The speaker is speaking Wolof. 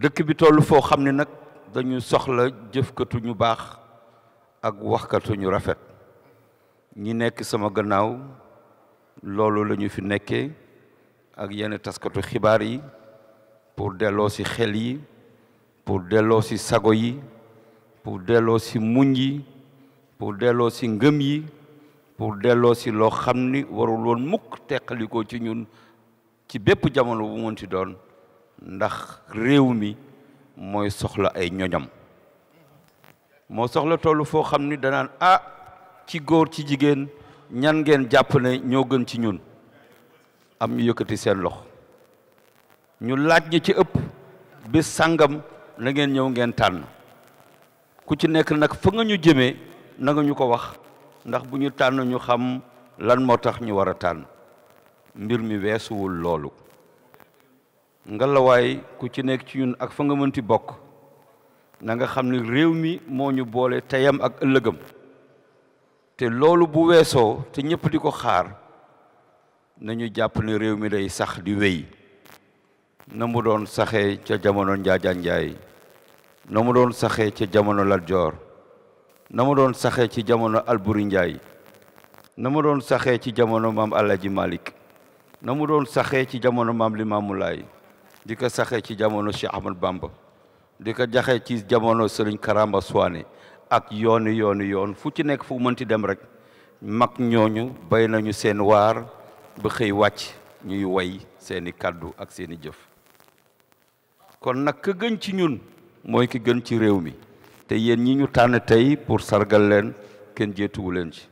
dëkk bi toll foo xam ne nag dañu soxla jëfkatu ñu baax ak waxkatu ñu rafet ñi nekk sama gannaaw loolu la ñu fi nekkee ak yenn taskatu xibaar yi pour delloo si xel yi pour delloo si sago yi pour delloo si muñ yi pour delloo si ngëm yi pour delloo si loo xam ni waruloon mukk teqalikoo ci ñun ci bépp jamono bu mën ci doon ndax réew mi mooy soxla ay ñoñam moo soxla toolu foo xam ni danaan a ah, ci góor ci jigéen ñan ngeen jàpp ne ñoo gën ci ñun am ñu yëkkati seen lox ñu laaj ñi ci ëpp bis sàngam na ngeen ñëw ngeen tànn ku ci nekk nag fa nga ñu jëmee na ñu ko wax ndax bu ñu tànn ñu xam lan moo tax ñu war a tànn mbir mi weesuwul loolu ngalawaay ku ci nekk ci ñun ak fa nga mënti bokk na nga xam ni réew mi moo ñu boole teyam ak ëllëgam te loolu bu weesoo te ñëpp di ko xaar nañu jàpp ne réew mi day sax di wéy na mu doon saxee ca jamono Njaajaan Njaay na mu doon saxee ca jamono Lat Joor na mu doon saxee ci jamono Alburi Njaay na mu doon saxee ci jamono maam Alaaji Malik na mu doon saxee ci jamono maam limamulaay di saxe ci jamono Cheikh Ahmad Bamba di ko jaxee ci jamono Serigne Karamba Souané ak yoonu yoonu yoon fu ci nekk fu mënti dem rek mag ñooñu bay nañu seen waar ba xëy wàcc ñuy way seeni kàddu ak seeni jëf kon nag ka gën ci ñun mooy ki gën ci réew mi te yéen ñi ñu tànn tey pour sargal leen kenn jeetuwu leen ci